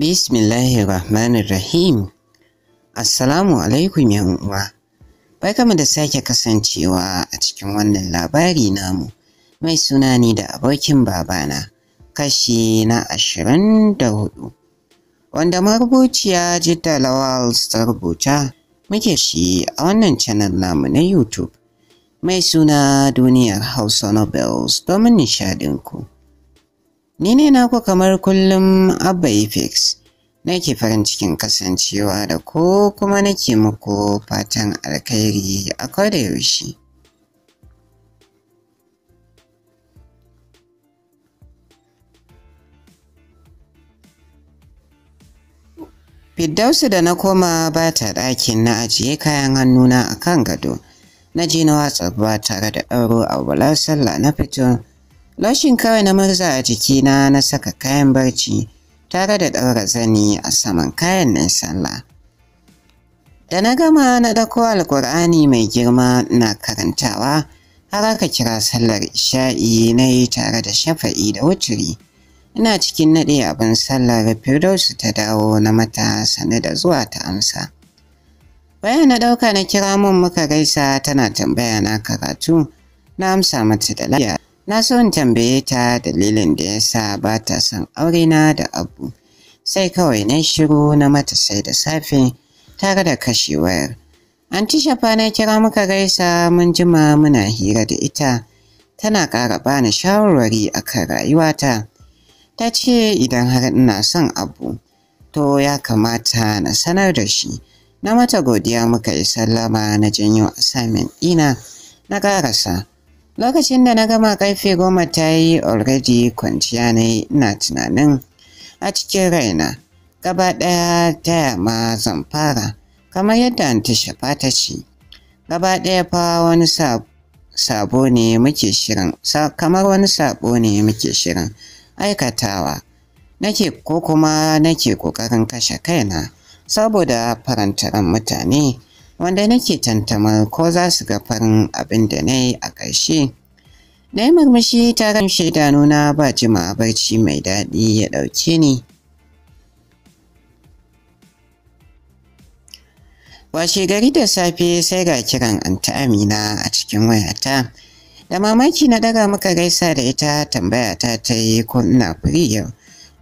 Bismillahirrahmanirrahim. Assalamu alaikum uwa. Barkamu da sake kasancewa a cikin wannan labari namu. Mai suna ni da abokin babana, kashi na ashirin da hudu. Wanda marubuciya Jidda Lawal ta rubuta muke shi a wannan channel namu na YouTube. Mai suna duniyar Hausa Nobels domin nishadinku. ku. Ni ne naku kamar kullum Abba Efex. Nake farin cikin kasancewa da ko kuma nake muku fatan alkhairi a yaushe. Fiddausu da na koma ba ta ɗakin na ajiye kayan hannuna a kan gado. Na je na watsa ba tare da ɗauro a walar sallah na fito. Lashin kawai na murza a jikina na saka kayan barci tare da ɗaura zani a saman kayan nan sallah. Da na gama na ɗako alƙur'ani mai girma na karantawa har aka kira sallar isha'i na yi tare da shafa'i da wuturi. Ina cikin naɗe abin sallar Firdaus ta dawo na mata sane da zuwa ta amsa. Bayan na ɗauka na kira mun muka gaisa tana tambaya na karatu na amsa mata da lafiya. na so in tambaye ta dalilin da ya sa ba ta son na da abu sai kawai na shiru na mata sai da safe tare da kashe wayar ci shafa na kira muka gaisa mun jima muna hira da ita tana ƙara bani shawarwari akan rayuwata ta ce idan har ina son abu to ya kamata na sanar da shi na mata godiya muka yi sallama na janyo assignment ɗina na garasa. lokacin da na gama karfe goma ta yi already kwanciya na ina tunanin a cikin raina gaba ɗaya ta yamma zan fara kamar yadda ta shafa ta ce gaba ɗaya fa wani sabo ne muke shirin kamar wani sabo ne muke shirin aikatawa nake ko kuma nake ƙoƙarin kashe kaina saboda farantaran mutane wanda nake tantama ko za su ga farin abin da na yi a ƙarshe. Na yi murmushi tare shaida nuna ba jima'a barci mai daɗi ya ɗauke ni. Washe gari da safe sai ga kiran ta Amina a cikin wayata. Da mamaki na daga muka gaisa da ita tambaya ta ta yi ko ina firi yau.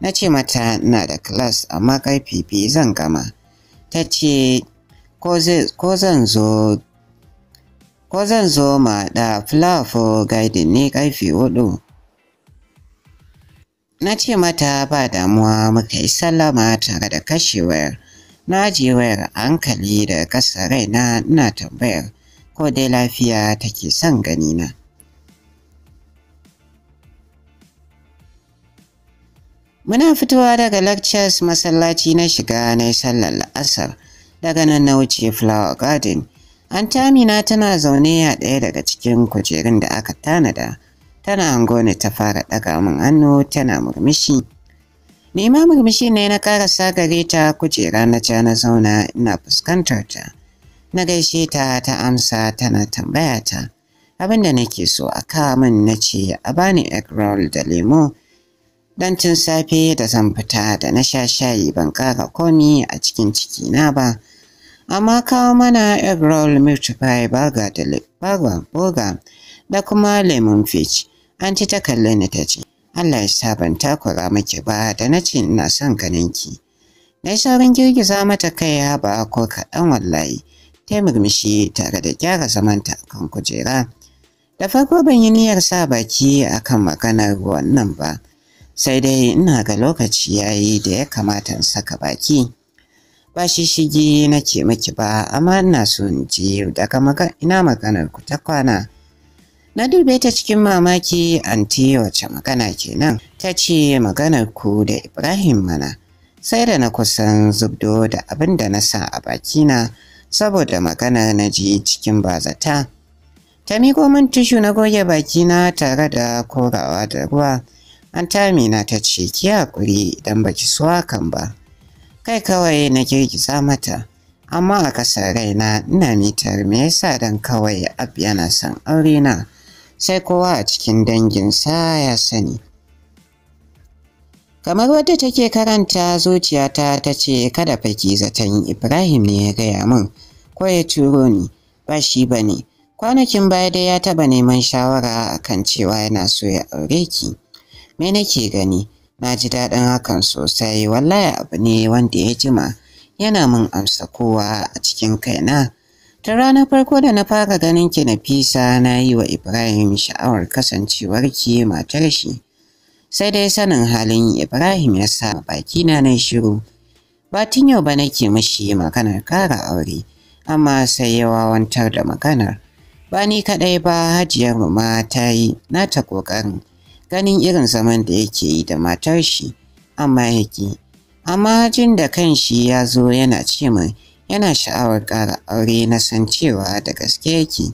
Na ce mata ina da class amma ƙarfi biyu zan gama. Ta ce ko zan zo ko zan zo ma da fulafo gaidi ne karfe hudu. Na ce mata ba damuwa muka yi sallama tare da kashewar na ajiye hankali da kasa raina ina tambayar ko dai lafiya take son gani na Muna fitowa daga lectures masallaci na shiga na sallar la'asar. daga nan na wuce flower garden an tana zaune a ɗaya daga cikin kujerun da aka tanada tana angone ta fara ɗaga min hannu tana murmushi nema murmushi ne na karasa gare ta kujera na ja na zauna ina fuskantar ta na gaishe ta ta amsa tana tambaya ta abin da nake so a kawo min na ce a bani egg roll da lemo Dan cin safe da zan fita da na sha shayi ban ƙara komi a cikin ciki na ba. Amma kawo mana egg roll milk pie burger da burger boga, da kuma lemon fish. An ci ta kalle ni ta ce, Allah ya sa ban takura miki ba da na ce ina son ganinki. Na yi saurin girgiza mata kai ba ko kaɗan wallahi. Ta murmushi tare da gyara zamanta kan kujera. Da farko ban yi niyyar sa baki akan maganar wannan ba. sai dai ina ga lokaci yayi da ya kamata in saka baki ba shi shigi nake miki ba amma ina so in ji daga ina maganar ku ta kwana na dube ta cikin mamaki anti wace magana kenan ta ce maganar ku da Ibrahim mana sai da na kusan zubdo da abin da na sa a bakina saboda magana na ji cikin bazata. Ta miko min tishu na goge bakina tare da korawa da ruwa Antamina ta ce ki haƙuri idan baki so hakan ba. Kai kawai na girgiza mata, amma a ƙasar raina ina mitar me yasa dan kawai ab yana son aure na sai kowa a cikin danginsa ya sani. Kamar wadda take karanta zuciyata ta ce kada faki zaton Ibrahim ne ya gaya min ko ya turo ni ba shi ba ne. Kwanakin baya dai ya taɓa neman shawara akan cewa yana so ya aure ki. me nake gani na ji daɗin hakan sosai wallahi abu ne wanda ya jima yana min amsa kowa a cikin kaina ta ranar farko da na fara ganin ki na fisa na yi wa ibrahim sha'awar kasancewar ki matar shi sai dai sanin halin ibrahim ya sa baki na na shiru Batun yau ba nake mashi maganar kara aure, amma sai ya wawantar da maganar. Ba ni kaɗai ba hajiyar ma ta yi nata ƙoƙarin ganin irin zaman da yake yi da matar shi amma yake amma jin da kan shi ya zo yana ce mai yana sha'awar ƙara aure na san cewa da gaske yake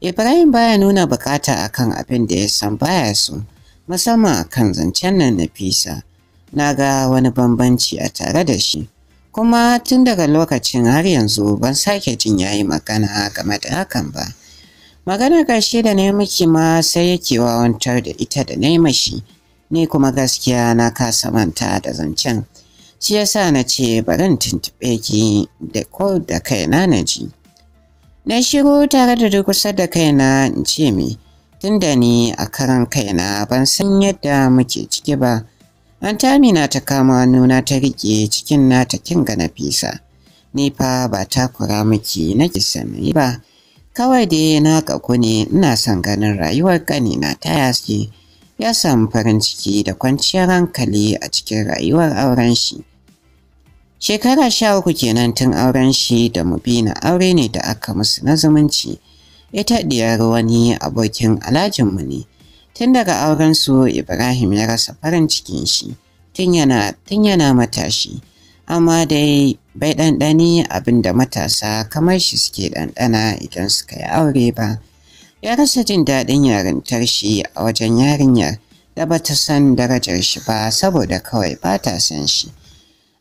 ibrahim baya nuna bukata akan abin da ya san baya so musamman akan zancen nan na fisa na ga wani bambanci a tare da shi kuma tun daga lokacin har yanzu ban sake jin yayi magana game da hakan ba. magana ƙarshe da na miki ma sai yake wawantar da ita da na mashi ne kuma gaskiya na kasa manta da zancen shi yasa na ce barin tuntuɓe ki da ko da kaina na ji na shiru tare da duk kusa da kaina in ce mi tunda ni a karan kaina ban san yadda muke ciki ba Antami na ta kama nuna ta riƙe cikin nata kin ga Nafisa. Ni fa ba takura miki nake sanayi ba. kawai dai na ku ne ina son ganin rayuwar ƙanina ta yaske ya samu farin ciki da kwanciyar hankali a cikin rayuwar auren shi shekara sha uku kenan tun auren shi da na aure ne da aka musu na zumunci ita diyar wani abokin alhajinmu ne tun daga auren su ibrahim ya rasa farin cikin shi tun yana matashi amma dai bai ɗanɗani abin da matasa kamar shi suke ɗanɗana idan suka yi aure ba. Ya rasa jin daɗin yarintar shi a wajen yarinyar da ba ta san darajar shi ba saboda kawai ba ta san shi.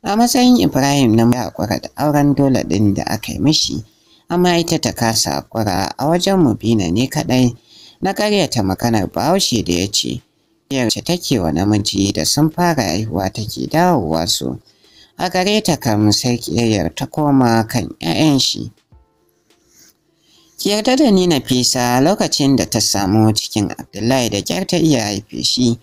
A matsayin Ibrahim na ya haƙura da auren dole ɗin da aka yi mishi, amma ita ta kasa haƙura a wajen Mubina ne kaɗai na ƙaryata maganar Bahaushe da ya ce, Yarce take wa namiji da sun fara haihuwa take dawowa su. a gare ta kam sai ta koma kan 'ya'yan shi ki yarda da ni Nafisa lokacin da ta samu cikin Abdullahi da kyar ta iya haife shi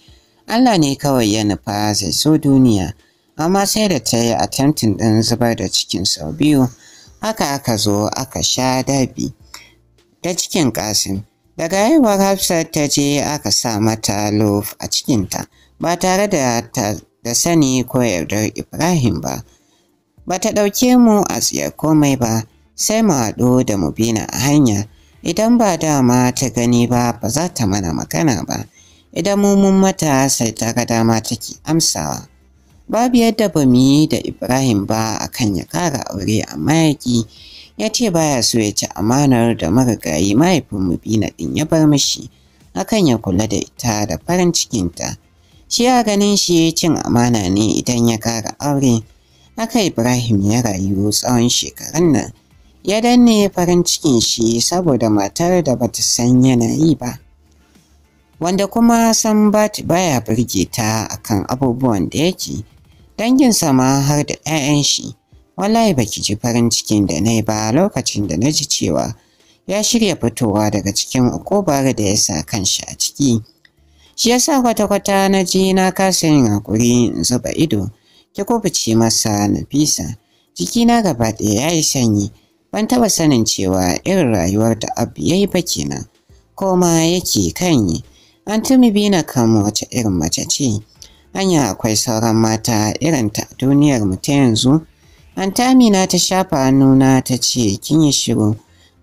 Allah ne kawai ya nufa zai so duniya amma sai da ta yi attempting ɗin zubar da cikin sau biyu haka aka zo aka sha dabi da cikin ƙasin, daga haihuwar Hafsat ta je aka sa mata lof a cikinta ba tare da ta da sani ko yardar Ibrahim ba. Ba ta ɗauke mu a tsiyar komai ba, sai mu haɗu da mu bina a hanya. Idan ba dama ta gani ba, ba za ta mana magana ba. Idan mu mun mata sai ta ga dama take amsawa. Babu yadda ba mu yi da Ibrahim ba akan ya ƙara aure a mayaki, ya ce baya so ya ci amanar da marigayi mahaifin mu bina ɗin ya bar mishi. akan ya kula da ita da farin cikinta. shi ya ganin shi cin amana ne idan ya kara aure aka ibrahim ya rayu tsawon shekarun nan ya danne farin cikin shi saboda matar da bata san yana yi ba wanda kuma san bati baya birge ta akan abubuwan da yake dangin sama har da 'ya'yan shi wallahi baki ji farin cikin da na yi ba lokacin da na ji cewa ya shirya fitowa daga cikin ukobar da ya sa kan shi a ciki Shi yasa kwata-kwata na ji na kasa yin hakuri in zuba ido, ki kubuce masa Nafisa. Jikina gaba ɗaya ya yi sanyi, ban taɓa sanin cewa irin rayuwar da abu ya yi ba kenan. Koma yake kan yi, an tumi bi na kan wace irin mace ce. Hanya akwai sauran mata irin ta duniyar mu ta yanzu. Antamina ta shafa hannuna ta ce kin yi shiru,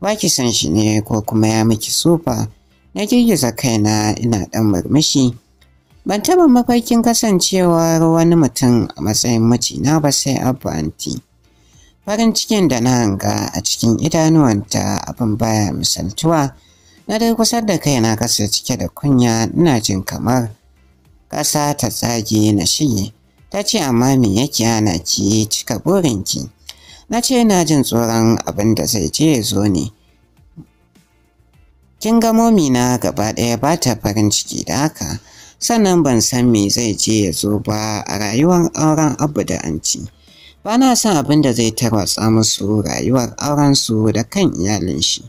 ba ki san shi ne ko kuma ya miki sufa. na girgiza kaina ina ɗan murmushi ban taɓa mafarkin kasancewar wani mutum a matsayin mijina ba sai abanti anti farin cikin da na hanga a cikin idanuwanta abin baya misaltuwa na dai kusa da kaina kasa cike da kunya ina jin kamar ƙasa ta tsage na shige ta ce amma me yake ana ki cika burinki na ce ina jin tsoron abin da zai je zo ne Kin ga momina gaba ɗaya ba ta farin ciki da haka, sannan ban san me zai je ya zo ba a rayuwar auren abu da anci. Ba na son abin da zai tarwatsa musu rayuwar auren su da kan iyalin shi.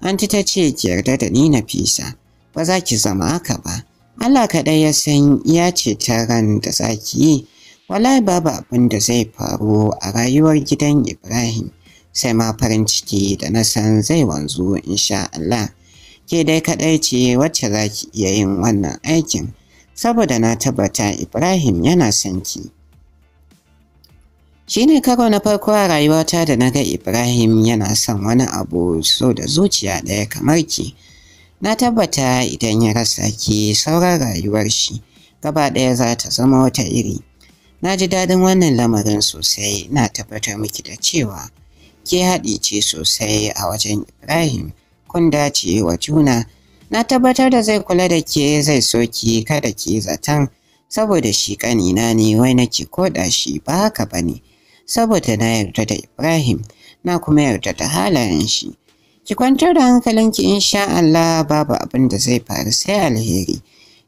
Anti ta ce ki yarda da ni na fisa, ba za ki zama haka ba. Allah kaɗai ya san iya ce ta ran da za ki yi, wallahi babu abin da zai faru a rayuwar gidan Ibrahim, sai ma farin ciki da na san zai wanzu insha Allah. ke dai kaɗai ce wacce za ki iya yin wannan aikin saboda na tabbata Ibrahim yana son ki. Shi ne karo na farko a rayuwata da na ga Ibrahim yana son wani abu so da zuciya ɗaya kamar ki. Na tabbata idan ya rasa ki sauran rayuwar shi gaba ɗaya za ta zama wata iri. Na ji daɗin wannan lamarin sosai na tabbatar miki da cewa ke haɗi ce sosai a wajen Ibrahim. kun dace wa juna na tabbatar da zai kula da ke zai soki kada ke zaton saboda shi kanina ne wai nake koda shi ba haka ba ne. saboda na yarda da Ibrahim na kuma yarda da halayen shi ki kwantar da hankalinki insha Allah babu abin da zai faru sai alheri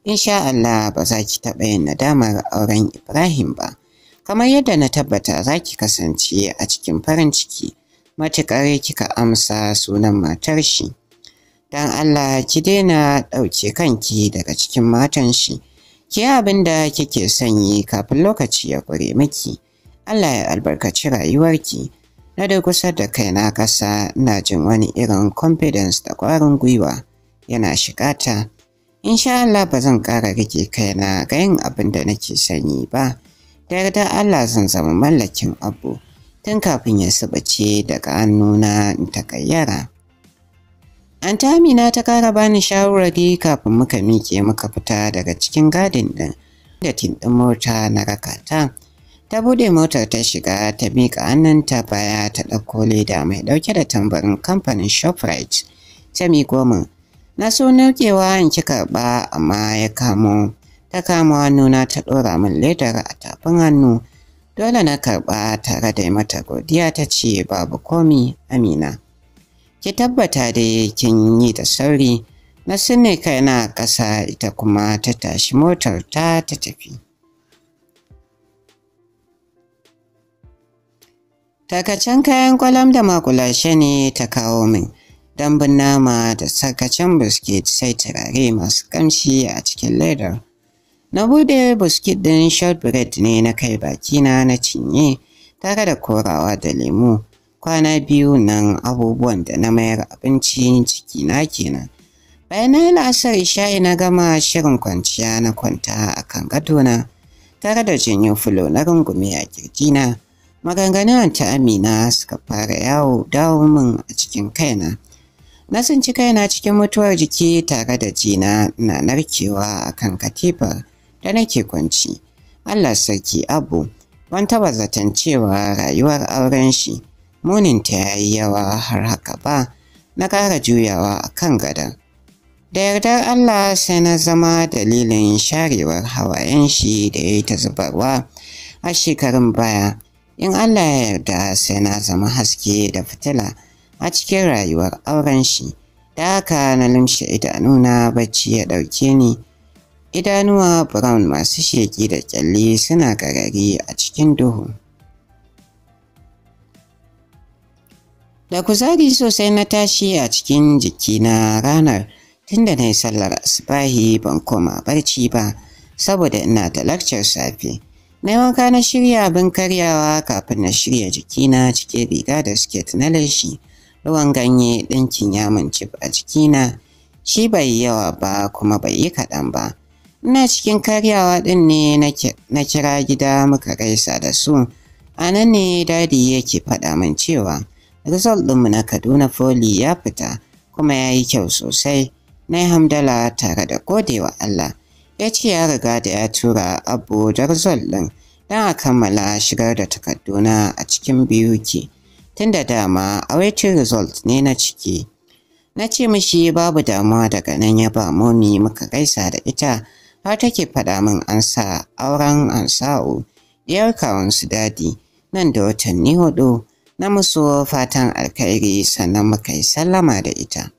insha Allah ba za ki taɓa yin nadamar auren Ibrahim ba kamar yadda na tabbata za ki kasance a cikin farin ciki matuƙar kika amsa sunan matar shi. Don Allah ki daina ɗauke kanki daga cikin matan shi, ki abin da kike sanyi kafin lokaci ya ƙure miki. Allah ya albarkaci rayuwarki. Na da kusa da kaina ƙasa na jin wani irin confidence da ƙwarin gwiwa yana shiga ta. Insha Allah ba zan ƙara rike kaina ga yin abin da nake sanyi ba. Da yarda Allah zan zama mallakin abu. tun kafin ya subace daga hannuna in takayyara. An ta Amina ta kara bani shawarari kafin muka miƙe muka fita daga cikin gadin ɗin da tindin mota na rakata. Ta bude motar ta shiga ta miƙa hannunta baya ta ɗauko leda mai ɗauke da tambarin kamfanin Shoprite. Ta miƙo min. Na so naukewa in ki karɓa amma ya kamo. Ta kama hannuna ta ɗora min ledar a tafin hannu. Dole na karɓa tare da mata godiya ta ce babu komi Amina. Ki tabbata dai kin yi da sauri na kai na ƙasa ita kuma ta tashi motar ta ta tafi. Takacin kayan kwalam da makulashe ne ta kawo min dambun nama da sakacen biskit sai turare masu ƙamshi a cikin ledar. Na bude biskit ɗin shortbread ne na kai bakina na cinye tare da korawa da lemu. Kwana biyu nan abubuwan da na mayar abinci cikina kenan. Bayan na la'asar sha'i na gama shirin kwanciya na kwanta a kan na tare da janyo fulo na rungume a kirji na, Maganganun ta Amina suka fara yawo dawo min a cikin kaina. Na ci kaina cikin mutuwar jiki tare da jina na narkewa a kan katifar. da nake kwanci Allah sarki abu ban taba zaton cewa rayuwar auren shi munin ta yayi yawa har haka ba na ƙara juyawa a kan gadon da yardar Allah sai na zama dalilin sharewar hawayen shi da ya yi ta zubarwa a shekarun baya in Allah ya yarda sai na zama haske da fitila a cikin rayuwar auren shi da haka na limshe idanuna bacci ya ɗauke ni idanuwa brown masu sheƙi da ƙyalli suna ƙarari a cikin duhu da kuzari sosai na tashi a cikin jikina ranar tunda na yi sallar asibahi ban koma barci ba saboda ina da lakcar safe na wanka na shirya abin karyawa kafin na shirya jikina cike riga da siket na lashi ruwan ganye ɗinkin yamun cif a jikina shi bai yawa ba kuma bai yi kaɗan ba Ina cikin karyawa ɗin ne na kira gida muka gaisa da su. A nan ne dadi yake faɗa min cewa result ɗinmu na Kaduna Foli ya fita kuma ya yi kyau sosai. Na yi hamdala tare da godewa Allah. Ya ce ya riga da ya tura abu da result ɗin don a kammala shigar da takarduna a cikin biyu ke. da dama a waiting result ne na ciki. Na ce mishi babu damuwa daga nan ya ba momi muka gaisa da ita. har take faɗa min an sa auren ansa'u diyar su dadi nan da watanni hudu na musu fatan alkhairi sannan muka yi sallama da ita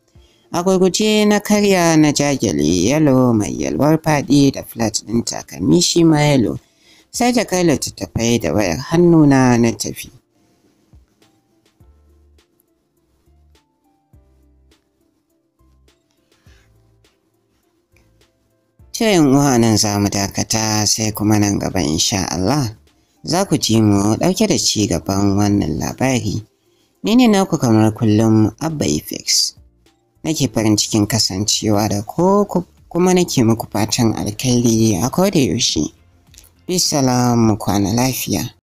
a gurguje na karya na jagale yalo mai yalwar faɗi da flat ɗin takalmi shi ma yalo sai da kai littattafai da wayar hannuna na tafi Shirin uwa nan za mu dakata sai kuma nan gaba insha Allah za ku ji mu ɗauke da ci gaban wannan labari. Ni ne naku kamar kullum Abba Ifex. Nake farin cikin kasancewa da ko kuma nake muku fatan alkhairi a koda yaushe. Bisalamu kwana lafiya.